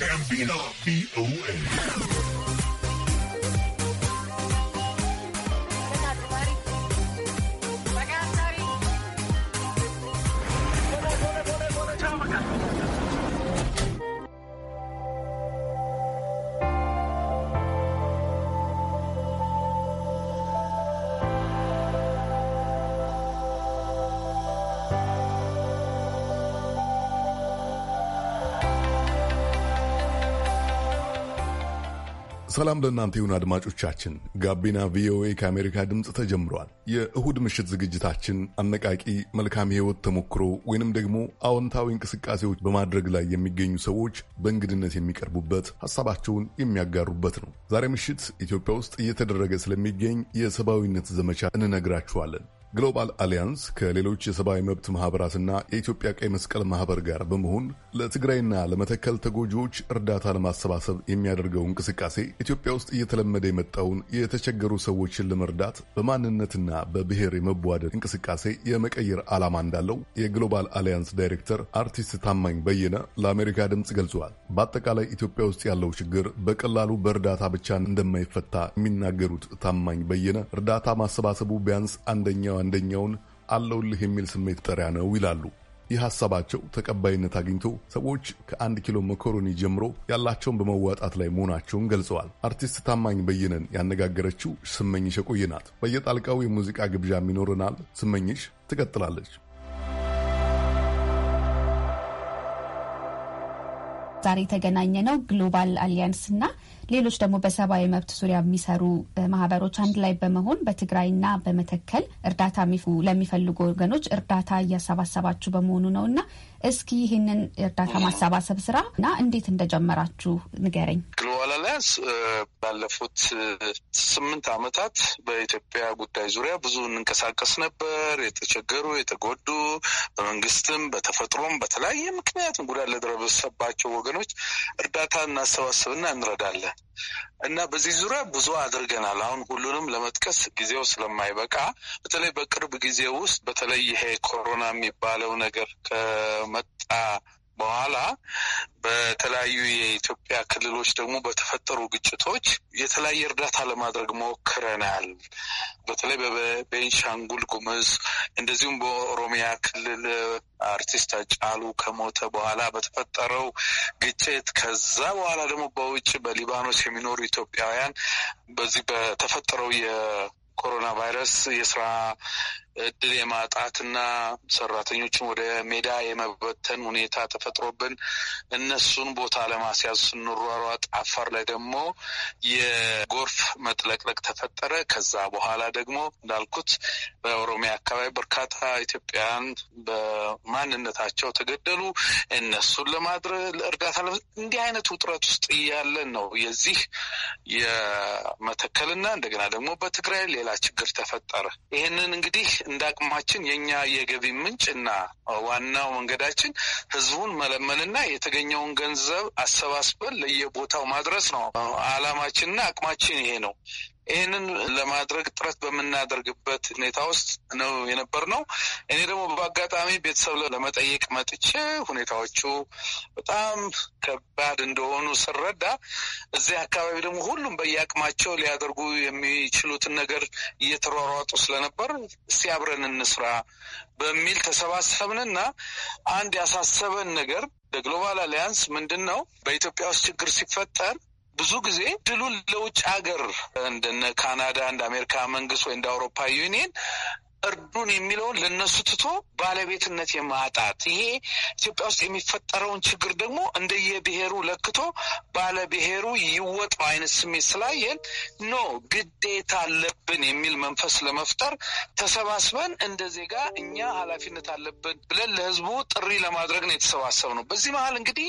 Gambino, B-O-A. ሰላም ለእናንተ ይሁን አድማጮቻችን። ጋቢና ቪኦኤ ከአሜሪካ ድምፅ ተጀምሯል። የእሁድ ምሽት ዝግጅታችን አነቃቂ መልካም ህይወት ተሞክሮ ወይንም ደግሞ አዎንታዊ እንቅስቃሴዎች በማድረግ ላይ የሚገኙ ሰዎች በእንግድነት የሚቀርቡበት፣ ሀሳባቸውን የሚያጋሩበት ነው። ዛሬ ምሽት ኢትዮጵያ ውስጥ እየተደረገ ስለሚገኝ የሰብአዊነት ዘመቻ እንነግራችኋለን። ግሎባል አሊያንስ ከሌሎች የሰብአዊ መብት ማህበራትና የኢትዮጵያ ቀይ መስቀል ማህበር ጋር በመሆን ለትግራይና ለመተከል ተጎጂዎች እርዳታ ለማሰባሰብ የሚያደርገው እንቅስቃሴ ኢትዮጵያ ውስጥ እየተለመደ የመጣውን የተቸገሩ ሰዎችን ለመርዳት በማንነትና በብሔር የመቧደድ እንቅስቃሴ የመቀየር ዓላማ እንዳለው የግሎባል አሊያንስ ዳይሬክተር አርቲስት ታማኝ በየነ ለአሜሪካ ድምፅ ገልጸዋል። በአጠቃላይ ኢትዮጵያ ውስጥ ያለው ችግር በቀላሉ በእርዳታ ብቻ እንደማይፈታ የሚናገሩት ታማኝ በየነ እርዳታ ማሰባሰቡ ቢያንስ አንደኛው አንደኛውን አለውልህ የሚል ስሜት ጠሪያ ነው ይላሉ። ይህ ሀሳባቸው ተቀባይነት አግኝቶ ሰዎች ከአንድ ኪሎ መኮሮኒ ጀምሮ ያላቸውን በመዋጣት ላይ መሆናቸውን ገልጸዋል። አርቲስት ታማኝ በየነን ያነጋገረችው ስመኝሽ የቆየ ናት። በየጣልቃው የሙዚቃ ግብዣም ይኖረናል። ስመኝሽ ትቀጥላለች። ዛሬ የተገናኘ ነው ግሎባል አሊያንስ እና ሌሎች ደግሞ በሰብአዊ መብት ዙሪያ የሚሰሩ ማህበሮች አንድ ላይ በመሆን በትግራይና በመተከል እርዳታ ለሚፈልጉ ወገኖች እርዳታ እያሰባሰባችሁ በመሆኑ ነው እና እስኪ ይህንን እርዳታ ማሰባሰብ ስራ እና እንዴት እንደጀመራችሁ ንገረኝ። ለመያዝ ባለፉት ስምንት ዓመታት በኢትዮጵያ ጉዳይ ዙሪያ ብዙ እንንቀሳቀስ ነበር። የተቸገሩ የተጎዱ፣ በመንግስትም በተፈጥሮም በተለያየ ምክንያትም ጉዳት ለደረሰባቸው ወገኖች እርዳታ እናሰባስብና እንረዳለን እና በዚህ ዙሪያ ብዙ አድርገናል። አሁን ሁሉንም ለመጥቀስ ጊዜው ስለማይበቃ በተለይ በቅርብ ጊዜ ውስጥ በተለይ ይሄ ኮሮና የሚባለው ነገር ከመጣ በኋላ በተለያዩ የኢትዮጵያ ክልሎች ደግሞ በተፈጠሩ ግጭቶች የተለያየ እርዳታ ለማድረግ ሞክረናል። በተለይ በቤንሻንጉል ጉምዝ እንደዚሁም በኦሮሚያ ክልል አርቲስት አጫሉ ከሞተ በኋላ በተፈጠረው ግጭት ከዛ በኋላ ደግሞ በውጭ በሊባኖስ የሚኖሩ ኢትዮጵያውያን በዚህ በተፈጠረው የኮሮና ቫይረስ የስራ እድል የማጣትና ሰራተኞችን ወደ ሜዳ የመበተን ሁኔታ ተፈጥሮብን እነሱን ቦታ ለማስያዝ ስንሯሯጥ አፋር ላይ ደግሞ የጎርፍ መጥለቅለቅ ተፈጠረ። ከዛ በኋላ ደግሞ እንዳልኩት በኦሮሚያ አካባቢ በርካታ ኢትዮጵያውያን በማንነታቸው ተገደሉ። እነሱን ለማድረግ ለ እንዲህ አይነት ውጥረት ውስጥ እያለን ነው የዚህ የመተከልና እንደገና ደግሞ በትግራይ ሌላ ችግር ተፈጠረ። ይህንን እንግዲህ እንደ አቅማችን የኛ የገቢ ምንጭ እና ዋናው መንገዳችን ህዝቡን መለመንና የተገኘውን ገንዘብ አሰባስበን ለየቦታው ማድረስ ነው አላማችንና አቅማችን ይሄ ነው። ይህንን ለማድረግ ጥረት በምናደርግበት ሁኔታ ውስጥ ነው የነበር ነው። እኔ ደግሞ በአጋጣሚ ቤተሰብ ለመጠየቅ መጥቼ ሁኔታዎቹ በጣም ከባድ እንደሆኑ ስረዳ፣ እዚህ አካባቢ ደግሞ ሁሉም በየአቅማቸው ሊያደርጉ የሚችሉትን ነገር እየተሯሯጡ ስለነበር ሲያብረን እንስራ በሚል ተሰባሰብንና አንድ ያሳሰበን ነገር ለግሎባል አሊያንስ ምንድን ነው በኢትዮጵያ ውስጥ ችግር ሲፈጠር ብዙ ጊዜ ድሉን ለውጭ ሀገር እንደነ ካናዳ እንደ አሜሪካ መንግስት ወይ እንደ አውሮፓ ዩኒየን እርዱን የሚለውን ለነሱ ትቶ ባለቤትነት የማጣት ይሄ ኢትዮጵያ ውስጥ የሚፈጠረውን ችግር ደግሞ እንደየብሔሩ ለክቶ ባለብሔሩ ይወጣው አይነት ስሜት ስላየን ኖ ግዴታ አለብን የሚል መንፈስ ለመፍጠር ተሰባስበን እንደ ዜጋ እኛ ኃላፊነት አለብን ብለን ለህዝቡ ጥሪ ለማድረግ ነው የተሰባሰብ ነው። በዚህ መሀል እንግዲህ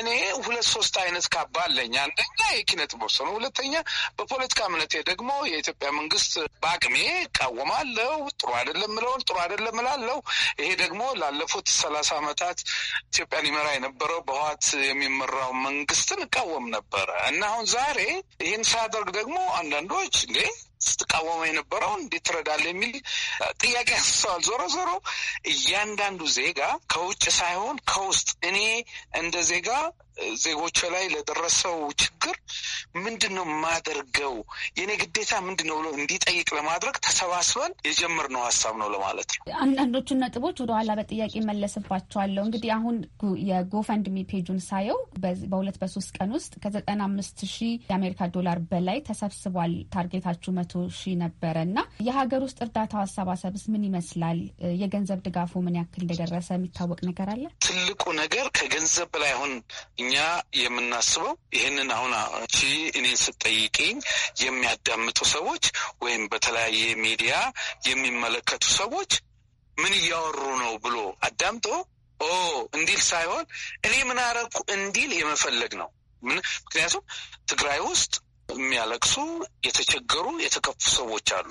እኔ ሁለት ሶስት አይነት ካባ አለኝ። አንደኛ የኪነ ጥበብ ሰው ነው። ሁለተኛ በፖለቲካ እምነቴ ደግሞ የኢትዮጵያ መንግስት በአቅሜ እቃወማለሁ ጥሩ አይደለም ምለውን ጥሩ አይደለም ላለው ይሄ ደግሞ ላለፉት ሰላሳ ዓመታት ኢትዮጵያን ይመራ የነበረው በህዋት የሚመራው መንግስትን እቃወም ነበረ እና አሁን ዛሬ ይህን ሳያደርግ ደግሞ አንዳንዶች እንዴ ስትቃወመ የነበረውን እንዴት ትረዳለህ የሚል ጥያቄ ያንስተዋል። ዞሮ ዞሮ እያንዳንዱ ዜጋ ከውጭ ሳይሆን ከውስጥ እኔ እንደ ዜጋ ዜጎች ላይ ለደረሰው ችግር ምንድን ነው የማደርገው የኔ ግዴታ ምንድን ነው ብሎ እንዲጠይቅ ለማድረግ ተሰባስበን የጀመርነው ሀሳብ ነው ለማለት ነው። አንዳንዶቹን ነጥቦች ወደ ኋላ በጥያቄ መለስባቸዋለሁ። እንግዲህ አሁን የጎፈንድሚ ፔጁን ሳየው በሁለት በሶስት ቀን ውስጥ ከዘጠና አምስት ሺህ የአሜሪካ ዶላር በላይ ተሰብስቧል። ታርጌታችሁ መቶ ሺህ ነበረ እና የሀገር ውስጥ እርዳታ አሰባሰብስ ምን ይመስላል? የገንዘብ ድጋፉ ምን ያክል እንደደረሰ የሚታወቅ ነገር አለ? ትልቁ ነገር ከገንዘብ በላይ አሁን እኛ የምናስበው ይህንን አሁን አንቺ እኔን ስጠይቅኝ የሚያዳምጡ ሰዎች ወይም በተለያየ ሚዲያ የሚመለከቱ ሰዎች ምን እያወሩ ነው ብሎ አዳምጦ ኦ እንዲል ሳይሆን እኔ ምን አረኩ እንዲል የመፈለግ ነው። ምክንያቱም ትግራይ ውስጥ የሚያለቅሱ የተቸገሩ የተከፉ ሰዎች አሉ።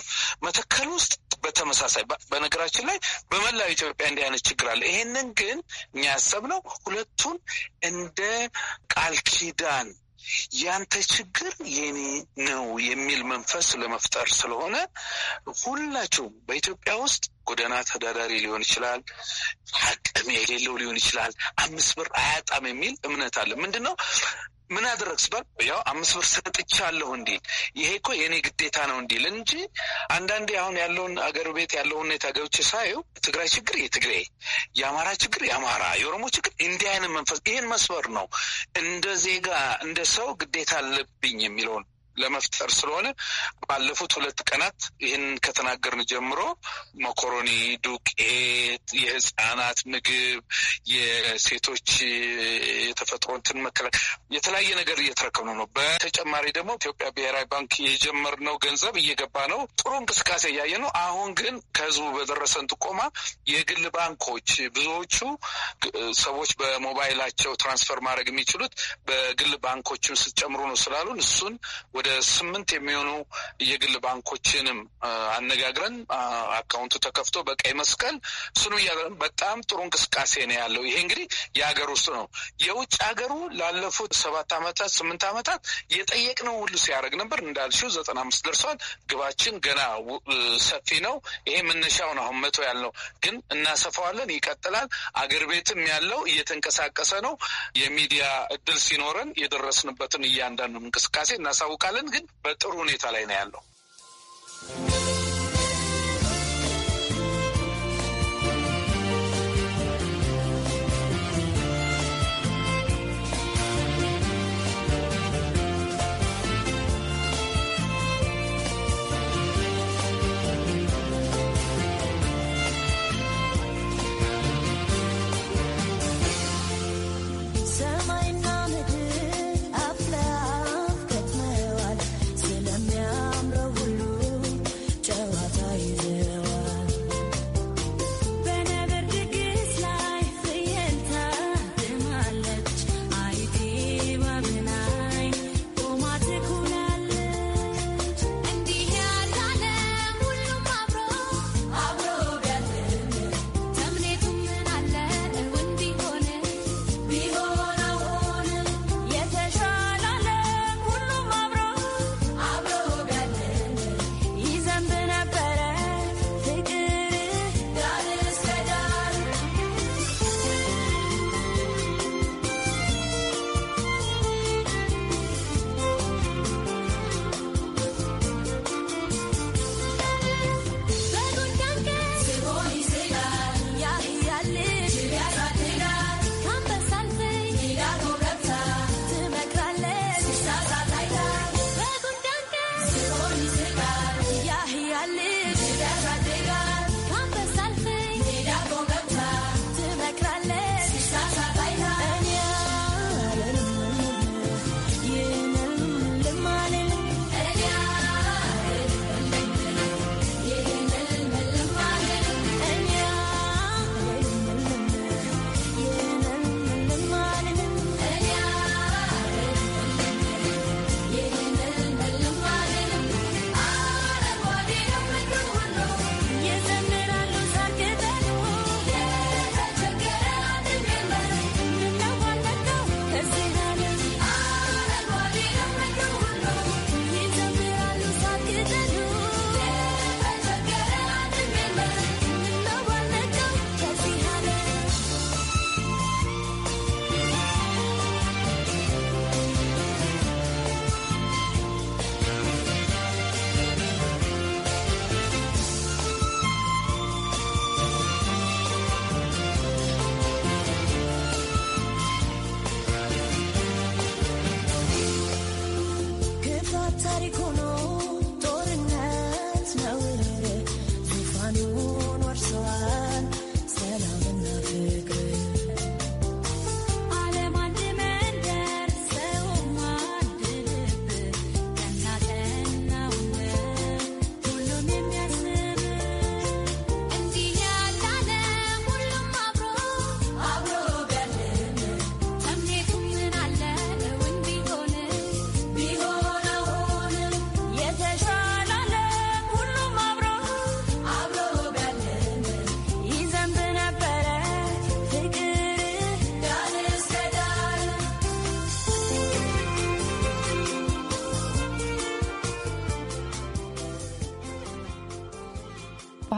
መተከል ውስጥ በተመሳሳይ በነገራችን ላይ በመላው ኢትዮጵያ እንዲህ አይነት ችግር አለ። ይሄንን ግን እኛ ያሰብነው ሁለቱን እንደ ቃል ኪዳን ያንተ ችግር የኔ ነው የሚል መንፈስ ለመፍጠር ስለሆነ ሁላችሁም በኢትዮጵያ ውስጥ ጎዳና ተዳዳሪ ሊሆን ይችላል፣ አቅም የሌለው ሊሆን ይችላል፣ አምስት ብር አያጣም የሚል እምነት አለ። ምንድን ነው ምን አደረግ ስባል ያው አምስት ብር ሰጥቻለሁ እንዲል ይሄ እኮ የእኔ ግዴታ ነው እንዲል እንጂ አንዳንዴ አሁን ያለውን አገር ቤት ያለው ሁኔታ ገብቼ ሳየው ትግራይ ችግር የትግሬ፣ የአማራ ችግር የአማራ፣ የኦሮሞ ችግር እንዲህ አይነት መንፈስ ይህን መስበር ነው እንደ ዜጋ እንደ ሰው ግዴታ አለብኝ የሚለውን ለመፍጠር ስለሆነ ባለፉት ሁለት ቀናት ይህን ከተናገርን ጀምሮ መኮሮኒ፣ ዱቄት፣ የህፃናት ምግብ፣ የሴቶች የተፈጥሮ እንትን መከላከል የተለያየ ነገር እየተረከብነው ነው። በተጨማሪ ደግሞ ኢትዮጵያ ብሔራዊ ባንክ የጀመርነው ገንዘብ እየገባ ነው። ጥሩ እንቅስቃሴ እያየ ነው። አሁን ግን ከህዝቡ በደረሰን ጥቆማ የግል ባንኮች ብዙዎቹ ሰዎች በሞባይላቸው ትራንስፈር ማድረግ የሚችሉት በግል ባንኮችም ስትጨምሩ ነው ስላሉን እሱን ወደ ወደ ስምንት የሚሆኑ የግል ባንኮችንም አነጋግረን አካውንቱ ተከፍቶ በቀይ መስቀል ስኑ በጣም ጥሩ እንቅስቃሴ ነው ያለው። ይሄ እንግዲህ የሀገር ውስጥ ነው። የውጭ ሀገሩ ላለፉት ሰባት ዓመታት ስምንት ዓመታት የጠየቅነው ሁሉ ሲያደርግ ነበር። እንዳልሽው ዘጠና አምስት ደርሷል። ግባችን ገና ሰፊ ነው። ይሄ መነሻው ነው። አሁን መቶ ያልነው ግን እናሰፋዋለን። ይቀጥላል። አገር ቤትም ያለው እየተንቀሳቀሰ ነው። የሚዲያ እድል ሲኖረን የደረስንበትን እያንዳንዱ እንቅስቃሴ እናሳውቃለን። ግን በጥሩ ሁኔታ ላይ ነው ያለው።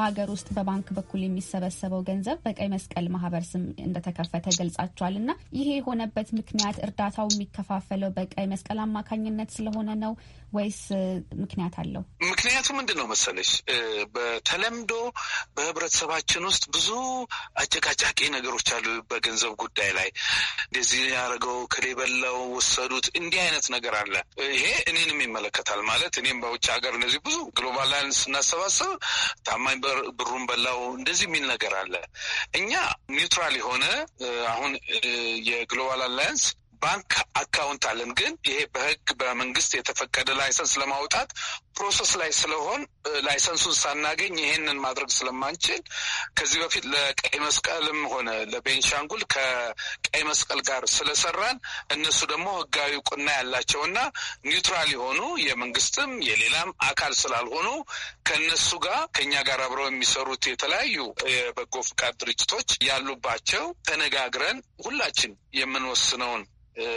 በሀገር ውስጥ በባንክ በኩል የሚሰበሰበው ገንዘብ በቀይ መስቀል ማህበር ስም እንደተከፈተ ገልጻቸዋል እና ይሄ የሆነበት ምክንያት እርዳታው የሚከፋፈለው በቀይ መስቀል አማካኝነት ስለሆነ ነው ወይስ ምክንያት አለው? ምክንያቱ ምንድን ነው መሰለሽ፣ በተለምዶ በህብረተሰባችን ውስጥ ብዙ አጨቃጫቂ ነገሮች አሉ። በገንዘብ ጉዳይ ላይ እንደዚህ ያደረገው ክሌ በላው ወሰዱት፣ እንዲህ አይነት ነገር አለ። ይሄ እኔንም ይመለከታል ማለት እኔም በውጭ ሀገር እነዚህ ብዙ ግሎባል ላይን ስናሰባስብ ታማኝ ብሩን በላው እንደዚህ የሚል ነገር አለ። እኛ ኒውትራል የሆነ አሁን የግሎባል አላያንስ ባንክ አካውንት አለን። ግን ይሄ በህግ በመንግስት የተፈቀደ ላይሰንስ ለማውጣት ፕሮሰስ ላይ ስለሆን ላይሰንሱን ሳናገኝ ይሄንን ማድረግ ስለማንችል ከዚህ በፊት ለቀይ መስቀልም ሆነ ለቤንሻንጉል ከቀይ መስቀል ጋር ስለሰራን እነሱ ደግሞ ህጋዊ እውቅና እና ኒውትራል የሆኑ የመንግስትም የሌላም አካል ስላልሆኑ ከእነሱ ጋር ከኛ ጋር አብረው የሚሰሩት የተለያዩ የበጎ ፍቃድ ድርጅቶች ያሉባቸው ተነጋግረን ሁላችን የምንወስነውን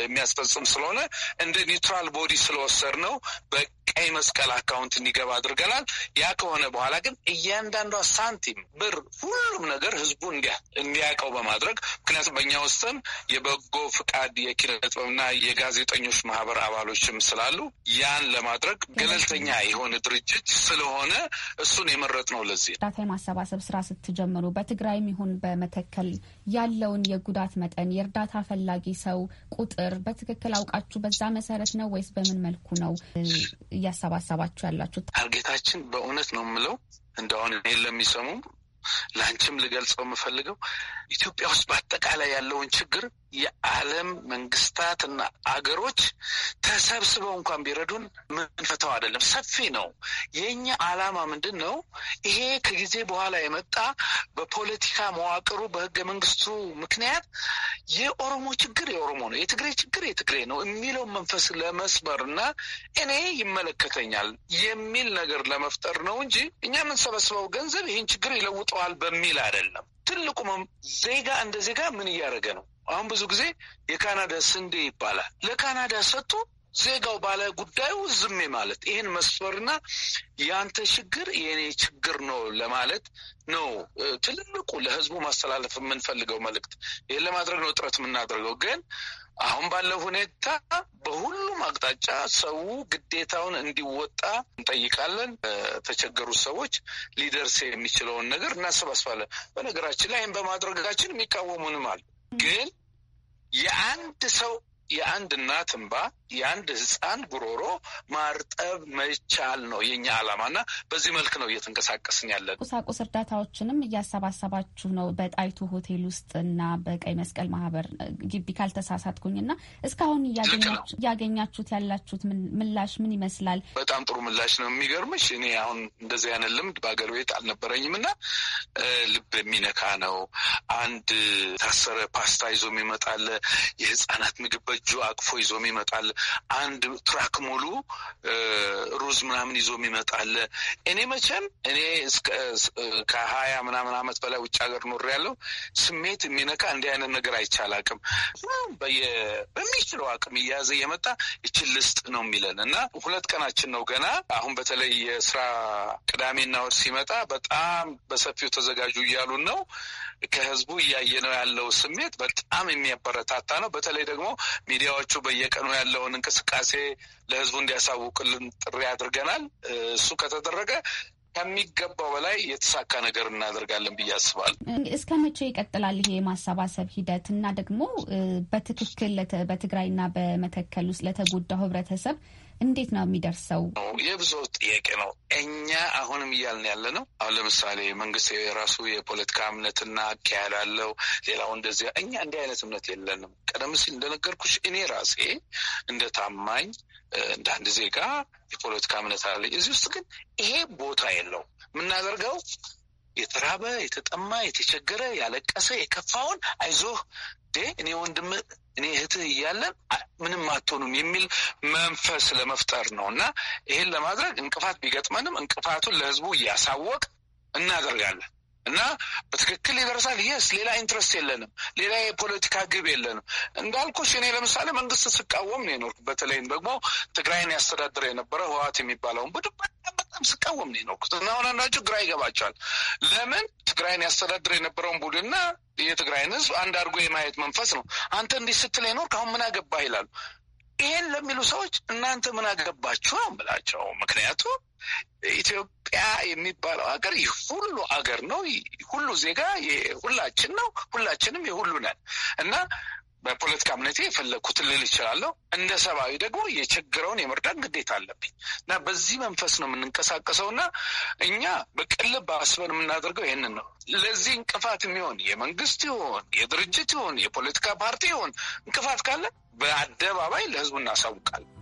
የሚያስፈጽም ስለሆነ እንደ ኒውትራል ቦዲ ስለወሰድ ነው በቀይ መስቀል አካውንት እንዲገባ አድርገናል። ያ ከሆነ በኋላ ግን እያንዳንዷ ሳንቲም፣ ብር፣ ሁሉም ነገር ህዝቡ እንዲያውቀው በማድረግ ምክንያቱም በእኛ ውስጥም የበጎ ፍቃድ የኪነ ጥበብና የጋዜጠኞች ማህበር አባሎችም ስላሉ ያን ለማድረግ ገለልተኛ የሆነ ድርጅት ስለሆነ እሱን የመረጥ ነው። ለዚህ ዳታ የማሰባሰብ ስራ ስትጀምሩ በትግራይም ይሁን በመተከል ያለውን የጉዳት መጠን የእርዳታ ፈላጊ ሰው ቁጥር በትክክል አውቃችሁ በዛ መሰረት ነው ወይስ በምን መልኩ ነው እያሰባሰባችሁ ያላችሁ? ታርጌታችን በእውነት ነው የምለው እንደሁን እኔን ለአንቺም ልገልጸው የምፈልገው ኢትዮጵያ ውስጥ በአጠቃላይ ያለውን ችግር የዓለም መንግስታት እና አገሮች ተሰብስበው እንኳን ቢረዱን ምንፈተው አይደለም፣ ሰፊ ነው። የእኛ ዓላማ ምንድን ነው? ይሄ ከጊዜ በኋላ የመጣ በፖለቲካ መዋቅሩ በህገ መንግስቱ ምክንያት የኦሮሞ ችግር የኦሮሞ ነው፣ የትግሬ ችግር የትግሬ ነው የሚለው መንፈስ ለመስበር እና እኔ ይመለከተኛል የሚል ነገር ለመፍጠር ነው እንጂ እኛ የምንሰበስበው ገንዘብ ይህን ችግር ይለውጥ ተቀምጠዋል በሚል አይደለም። ትልቁም ዜጋ እንደ ዜጋ ምን እያደረገ ነው? አሁን ብዙ ጊዜ የካናዳ ስንዴ ይባላል። ለካናዳ ሰጥቶ ዜጋው ባለ ጉዳዩ ዝሜ ማለት ይህን መስፈርና የአንተ ችግር የእኔ ችግር ነው ለማለት ነው። ትልልቁ ለህዝቡ ማስተላለፍ የምንፈልገው መልእክት ይህን ለማድረግ ነው ጥረት የምናደርገው ግን አሁን ባለው ሁኔታ በሁሉም አቅጣጫ ሰው ግዴታውን እንዲወጣ እንጠይቃለን። ተቸገሩት ሰዎች ሊደርስ የሚችለውን ነገር እናሰባስባለን። በነገራችን ላይ ይህን በማድረጋችን የሚቃወሙንም አሉ። ግን የአንድ ሰው የአንድ እናት እንባ የአንድ ህፃን ጉሮሮ ማርጠብ መቻል ነው የኛ ዓላማና በዚህ መልክ ነው እየተንቀሳቀስን ያለን። ቁሳቁስ እርዳታዎችንም እያሰባሰባችሁ ነው በጣይቱ ሆቴል ውስጥ እና በቀይ መስቀል ማህበር ግቢ ካልተሳሳትኩኝ እና እስካሁን እያገኛችሁት ያላችሁት ምላሽ ምን ይመስላል? በጣም ጥሩ ምላሽ ነው። የሚገርምሽ እኔ አሁን እንደዚህ አይነት ልምድ በአገር ቤት አልነበረኝም እና ልብ የሚነካ ነው። አንድ ታሰረ ፓስታ ይዞ የሚመጣለ የህፃናት ምግብ በእጁ አቅፎ ይዞም ይመጣል። አንድ ትራክ ሙሉ ሩዝ ምናምን ይዞ ይመጣል። እኔ መቼም እኔ ከሀያ ምናምን ዓመት በላይ ውጭ ሀገር ኖር ያለው ስሜት የሚነካ እንዲህ አይነት ነገር አይቻል አቅም በሚችለው አቅም እያያዘ እየመጣ ይችን ልስጥ ነው የሚለን እና ሁለት ቀናችን ነው ገና አሁን በተለይ የስራ ቅዳሜና ወር ሲመጣ በጣም በሰፊው ተዘጋጁ እያሉን ነው ከህዝቡ እያየ ነው ያለው ስሜት በጣም የሚያበረታታ ነው። በተለይ ደግሞ ሚዲያዎቹ በየቀኑ ያለውን እንቅስቃሴ ለህዝቡ እንዲያሳውቅልን ጥሪ አድርገናል። እሱ ከተደረገ ከሚገባው በላይ የተሳካ ነገር እናደርጋለን ብዬ አስባለሁ። እስከ መቼ ይቀጥላል ይሄ የማሰባሰብ ሂደት እና ደግሞ በትክክል በትግራይና በመተከል ውስጥ ለተጎዳው ህብረተሰብ እንዴት ነው የሚደርሰው? የብዙዎች ጥያቄ ነው። እኛ አሁንም እያልን ያለ ነው። አሁን ለምሳሌ መንግስት የራሱ የፖለቲካ እምነትና አካሄድ አለው። ሌላው እንደዚህ እኛ እንዲህ አይነት እምነት የለንም። ቀደም ሲል እንደነገርኩሽ እኔ ራሴ እንደ ታማኝ እንደ አንድ ዜጋ የፖለቲካ እምነት አለ። እዚህ ውስጥ ግን ይሄ ቦታ የለው የምናደርገው የተራበ የተጠማ የተቸገረ ያለቀሰ የከፋውን አይዞህ እኔ ወንድም እኔ እህትህ እያለን ምንም አትሆኑም የሚል መንፈስ ለመፍጠር ነው እና ይሄን ለማድረግ እንቅፋት ቢገጥመንም እንቅፋቱን ለህዝቡ እያሳወቅ እናደርጋለን እና በትክክል ይደርሳል። የስ ሌላ ኢንትረስት የለንም፣ ሌላ የፖለቲካ ግብ የለንም። እንዳልኩሽ እኔ ለምሳሌ መንግስት ስቃወም ነው የኖርኩ። በተለይም ደግሞ ትግራይን ያስተዳድር የነበረ ህወሓት የሚባለውን ቡድን በጣም ስቃወም ነው የኖርኩት እና አሁን አንዳንድ ግራ ይገባቸዋል። ለምን ትግራይን ያስተዳድር የነበረውን ቡድንና የትግራይን ህዝብ አንድ አድርጎ የማየት መንፈስ ነው። አንተ እንዲህ ስትል የኖርክ አሁን ምን አገባህ ይላሉ። ይሄን ለሚሉ ሰዎች እናንተ ምን አገባችሁ ነው ብላቸው። ምክንያቱም ኢትዮጵያ የሚባለው ሀገር ሁሉ ሀገር ነው፣ ሁሉ ዜጋ ሁላችን ነው፣ ሁላችንም የሁሉ ነን እና በፖለቲካ እምነቴ የፈለግኩትን ልል ይችላለሁ። እንደ ሰብአዊ ደግሞ የችግረውን የመርዳት ግዴታ አለብኝ እና በዚህ መንፈስ ነው የምንንቀሳቀሰው እና እኛ በቅልብ አስበን የምናደርገው ይህንን ነው። ለዚህ እንቅፋት የሚሆን የመንግስት ይሆን የድርጅት ይሆን የፖለቲካ ፓርቲ ይሆን እንቅፋት ካለ በአደባባይ ለህዝቡ እናሳውቃለን።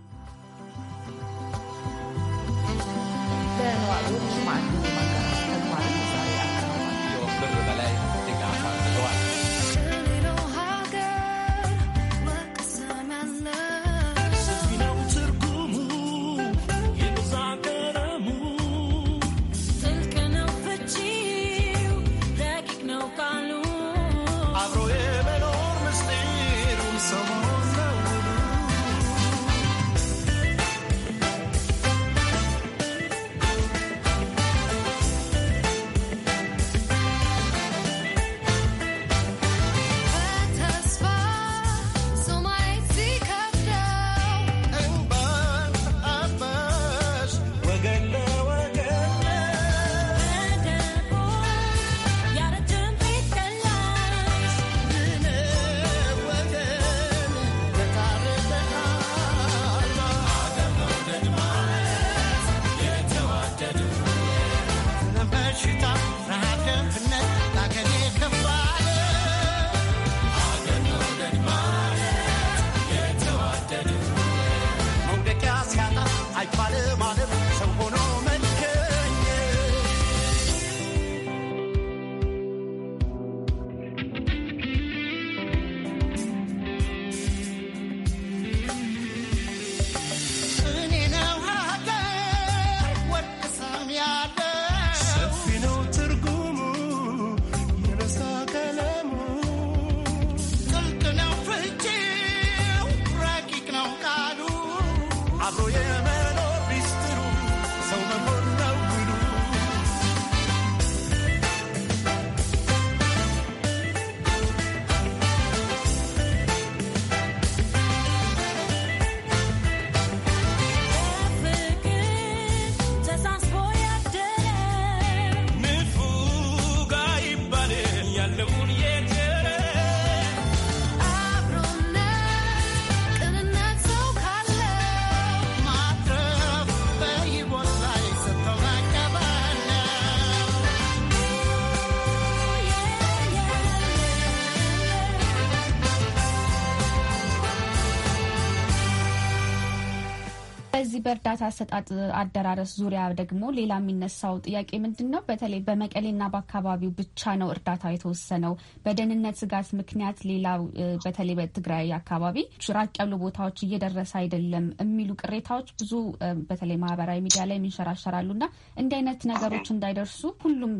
በእርዳታ አሰጣጥ አደራረስ ዙሪያ ደግሞ ሌላ የሚነሳው ጥያቄ ምንድን ነው? በተለይ በመቀሌና በአካባቢው ብቻ ነው እርዳታ የተወሰነው። በደህንነት ስጋት ምክንያት ሌላ በተለይ በትግራይ አካባቢ ራቅ ያሉ ቦታዎች እየደረሰ አይደለም የሚሉ ቅሬታዎች ብዙ በተለይ ማህበራዊ ሚዲያ ላይ የሚንሸራሸራሉ እና እንዲህ አይነት ነገሮች እንዳይደርሱ ሁሉም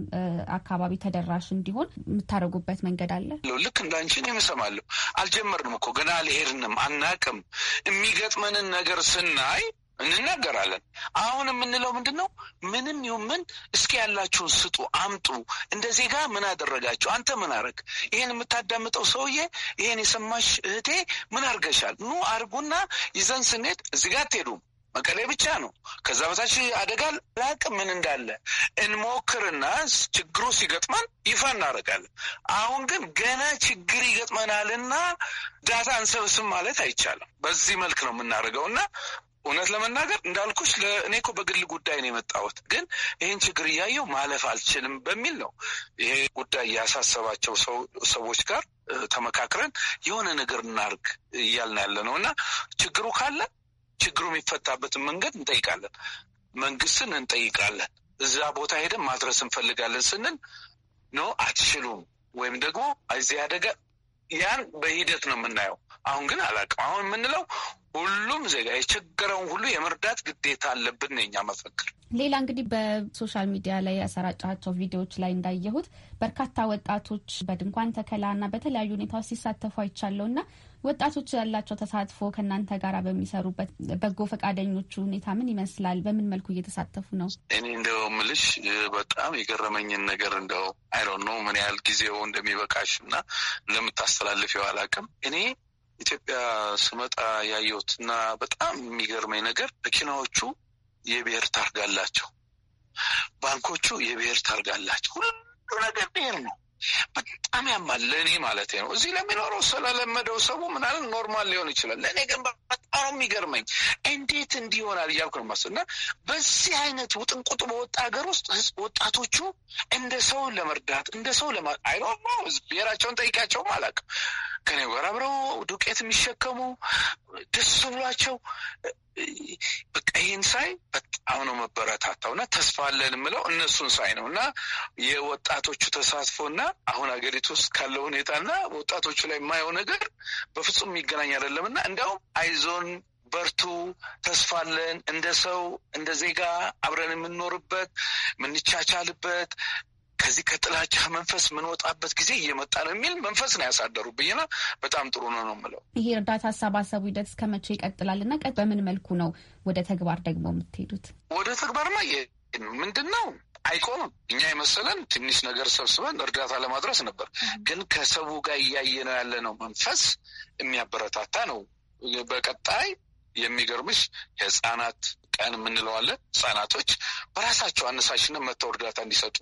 አካባቢ ተደራሽ እንዲሆን የምታደርጉበት መንገድ አለ? ልክ እንዳንችን የምሰማለሁ። አልጀመርንም እኮ ገና አልሄድንም፣ አናቅም የሚገጥመንን ነገር ስናይ እንናገራለን። አሁን የምንለው ምንድን ነው? ምንም ይሁን ምን እስኪ ያላችሁን ስጡ፣ አምጡ። እንደ ዜጋ ምን አደረጋችሁ? አንተ ምን አረግ? ይሄን የምታዳምጠው ሰውዬ፣ ይሄን የሰማሽ እህቴ ምን አርገሻል? ኑ አርጉና ይዘን ስንሄድ እዚጋ አትሄዱም መቀሌ ብቻ ነው። ከዛ በታች አደጋ ላቅ ምን እንዳለ እንሞክርና ችግሩ ሲገጥመን ይፋ እናደርጋለን። አሁን ግን ገና ችግር ይገጥመናልና ዳታ እንሰብስብ ማለት አይቻልም። በዚህ መልክ ነው የምናደርገው እና እውነት ለመናገር እንዳልኩሽ ለእኔ እኮ በግል ጉዳይ ነው የመጣሁት፣ ግን ይህን ችግር እያየው ማለፍ አልችልም በሚል ነው ይሄ ጉዳይ ያሳሰባቸው ሰዎች ጋር ተመካክረን የሆነ ነገር እናርግ እያልን ያለ ነው እና ችግሩ ካለ ችግሩ የሚፈታበትን መንገድ እንጠይቃለን፣ መንግስትን እንጠይቃለን። እዛ ቦታ ሄደን ማድረስ እንፈልጋለን ስንል ኖ አትችሉም ወይም ደግሞ እዚህ አደጋ ያን በሂደት ነው የምናየው። አሁን ግን አላውቅም። አሁን የምንለው ሁሉም ዜጋ የቸገረውን ሁሉ የመርዳት ግዴታ አለብን ነው የኛ መፈክር። ሌላ እንግዲህ በሶሻል ሚዲያ ላይ ያሰራጫቸው ቪዲዮዎች ላይ እንዳየሁት በርካታ ወጣቶች በድንኳን ተከላና በተለያዩ ሁኔታዎች ሲሳተፉ አይቻለሁ እና ወጣቶች ያላቸው ተሳትፎ ከእናንተ ጋር በሚሰሩበት በጎ ፈቃደኞቹ ሁኔታ ምን ይመስላል? በምን መልኩ እየተሳተፉ ነው? እኔ እንደው ምልሽ በጣም የገረመኝን ነገር እንደው አይሮን ነው ምን ያህል ጊዜው እንደሚበቃሽ እና ለምታስተላልፊው አላውቅም እኔ ኢትዮጵያ ስመጣ ያየሁት እና በጣም የሚገርመኝ ነገር መኪናዎቹ የብሔር ታርጋ አላቸው፣ ባንኮቹ የብሔር ታርጋ አላቸው። ሁሉ ነገር ብሔር ነው። በጣም ያማል። ለእኔ ማለት ነው። እዚህ ለሚኖረው ስለለመደው ሰው ምናምን ኖርማል ሊሆን ይችላል። ለእኔ ግን በጣም የሚገርመኝ እንዴት እንዲህ ይሆናል እያልኩ ነው የማስበው እና በዚህ አይነት ውጥንቁጡ በወጣ ሀገር ውስጥ ወጣቶቹ እንደ ሰውን ለመርዳት እንደ ሰው ለማ አይ ብሔራቸውን ጠይቃቸውም አላውቅም ከኔ ጋር አብረው ዱቄት የሚሸከሙ ደስ ብሏቸው በቃ ይህን ሳይ በጣም ነው መበረታታው እና ተስፋ አለን የምለው እነሱን ሳይ ነው እና የወጣቶቹ ተሳትፎ እና አሁን ሀገሪቱ ውስጥ ካለው ሁኔታ እና ወጣቶቹ ላይ የማየው ነገር በፍጹም የሚገናኝ አይደለም እና እንዲያውም አይዞን በርቱ፣ ተስፋለን እንደ ሰው እንደ ዜጋ አብረን የምንኖርበት የምንቻቻልበት ከዚህ ከጥላቻ መንፈስ የምንወጣበት ጊዜ እየመጣ ነው የሚል መንፈስ ነው ና በጣም ጥሩ ነው ነው የምለው። ይሄ እርዳታ አሰባሰቡ ሂደት እስከ መቼ ይቀጥላል ና በምን መልኩ ነው ወደ ተግባር ደግሞ የምትሄዱት? ወደ ማ ምንድን ነው አይቆምም። እኛ የመሰለን ትንሽ ነገር ሰብስበን እርዳታ ለማድረስ ነበር። ግን ከሰቡ ጋር እያየ ነው ያለ ነው መንፈስ የሚያበረታታ ነው። በቀጣይ የሚገርምሽ የህፃናት ቀን የምንለዋለን ህጻናቶች በራሳቸው አነሳሽነት መጥተው እርዳታ እንዲሰጡ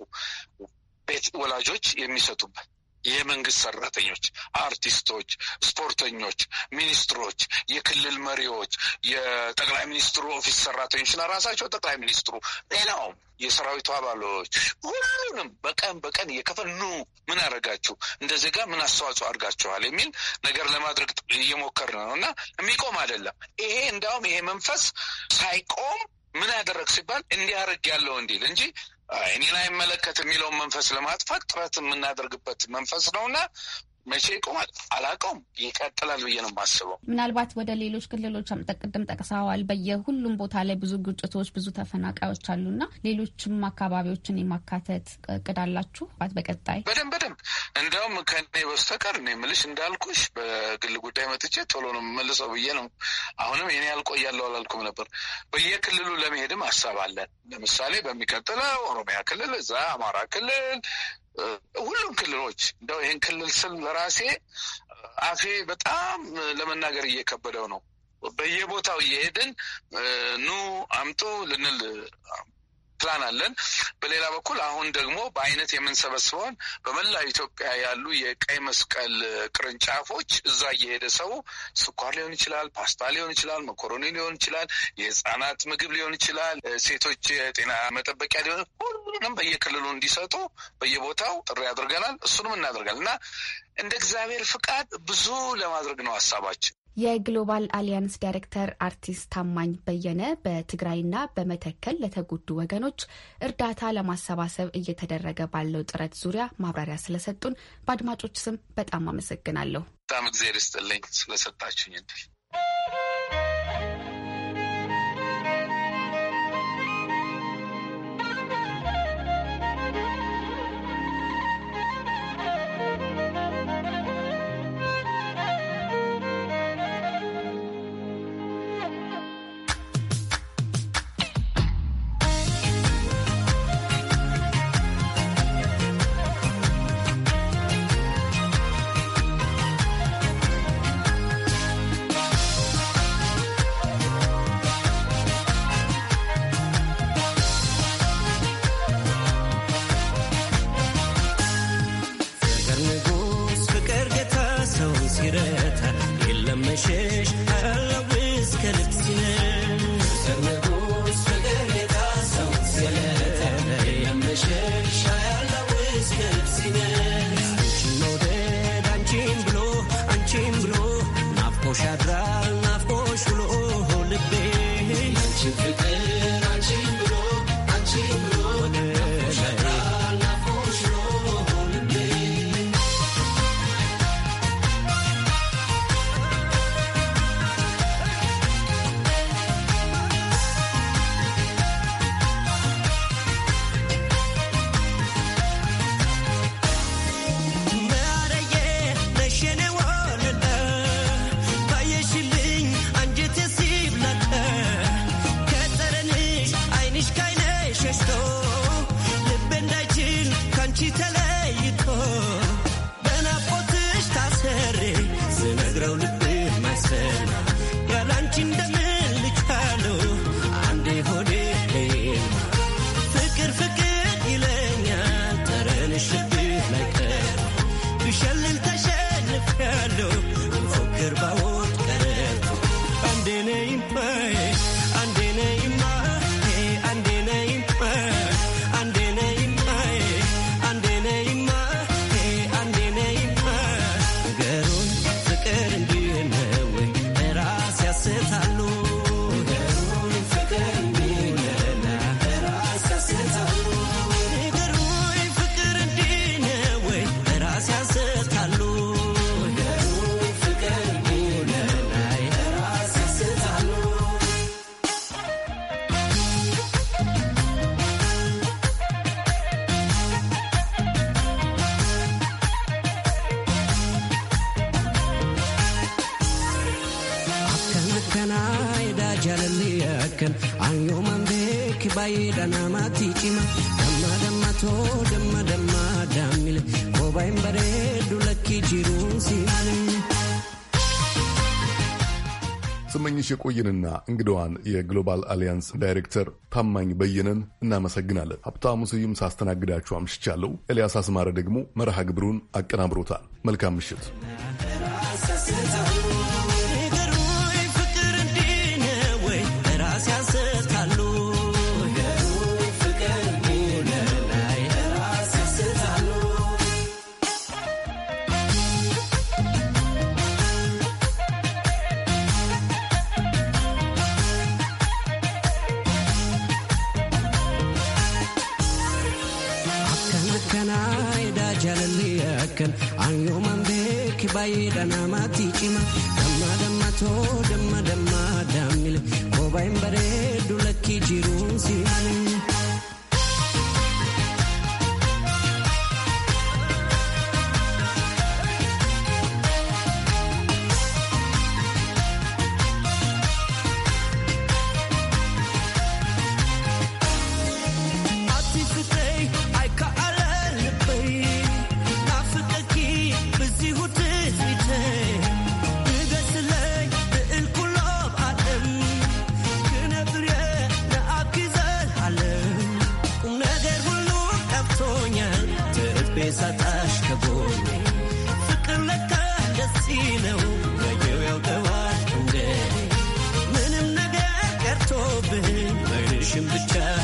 ቤት ወላጆች የሚሰጡበት የመንግስት ሰራተኞች፣ አርቲስቶች፣ ስፖርተኞች፣ ሚኒስትሮች፣ የክልል መሪዎች፣ የጠቅላይ ሚኒስትሩ ኦፊስ ሰራተኞችና ራሳቸው ጠቅላይ ሚኒስትሩ፣ ሌላውም የሰራዊቱ አባሎች ሁሉንም በቀን በቀን እየከፈኑ ምን አደረጋችሁ እንደ ዜጋ ምን አስተዋጽኦ አድርጋችኋል የሚል ነገር ለማድረግ እየሞከር ነው እና የሚቆም አይደለም ይሄ። እንዲያውም ይሄ መንፈስ ሳይቆም ምን ያደረግ ሲባል እንዲያደርግ ያለው እንዲል እንጂ እኔን አይመለከት የሚለውን መንፈስ ለማጥፋት ጥረት የምናደርግበት መንፈስ ነውና መቼ ይቆማል አላውቀውም። ይቀጥላል ብዬ ነው የማስበው። ምናልባት ወደ ሌሎች ክልሎች ቅድም ጠቅሰዋል። በየሁሉም ቦታ ላይ ብዙ ግጭቶች፣ ብዙ ተፈናቃዮች አሉና ሌሎችም አካባቢዎችን የማካተት እቅድ አላችሁ በቀጣይ? በደንብ በደንብ እንዲያውም ከኔ በስተቀር እኔ የምልሽ እንዳልኩሽ በግል ጉዳይ መጥቼ ቶሎ ነው የምመልሰው ብዬ ነው። አሁንም እኔ ያልቆያለው አላልኩም ነበር። በየክልሉ ለመሄድም ሀሳብ አለን። ለምሳሌ በሚቀጥለው ኦሮሚያ ክልል፣ እዛ አማራ ክልል ሁሉም ክልሎች እንደው ይህን ክልል ስል ለራሴ አፌ በጣም ለመናገር እየከበደው ነው። በየቦታው እየሄድን ኑ አምጡ ልንል ፕላን አለን። በሌላ በኩል አሁን ደግሞ በአይነት የምንሰበስበውን በመላ ኢትዮጵያ ያሉ የቀይ መስቀል ቅርንጫፎች እዛ እየሄደ ሰው ስኳር ሊሆን ይችላል፣ ፓስታ ሊሆን ይችላል፣ መኮሮኒ ሊሆን ይችላል፣ የህፃናት ምግብ ሊሆን ይችላል፣ ሴቶች የጤና መጠበቂያ ሊሆን ሁሉንም በየክልሉ እንዲሰጡ በየቦታው ጥሪ አድርገናል። እሱንም እናደርጋል እና እንደ እግዚአብሔር ፍቃድ ብዙ ለማድረግ ነው ሀሳባችን። የግሎባል አሊያንስ ዳይሬክተር አርቲስት ታማኝ በየነ በትግራይና በመተከል ለተጎዱ ወገኖች እርዳታ ለማሰባሰብ እየተደረገ ባለው ጥረት ዙሪያ ማብራሪያ ስለሰጡን በአድማጮች ስም በጣም አመሰግናለሁ። በጣም እግዜር ይስጥልኝ ስለሰጣችሁኝ እድል። crowd kan ayo mandek baye dana mati cima damma damma to damma damma damil ko bayin bare dulaki jiru ስመኝሽ የቆየንና እንግዳዋን የግሎባል አሊያንስ ዳይሬክተር ታማኝ በየነን እናመሰግናለን። ሀብታሙ ስዩም ሳስተናግዳችሁ አምሽቻለሁ። ኤልያስ አስማረ ደግሞ መርሃ ግብሩን አቀናብሮታል። መልካም ምሽት። jaalallee akkan an yoomaan beeki baay'eedha namatti cima damma dammatoo damma damma dammile koobaa hin bareeddu lakki jiruun si'aani. pushing the time.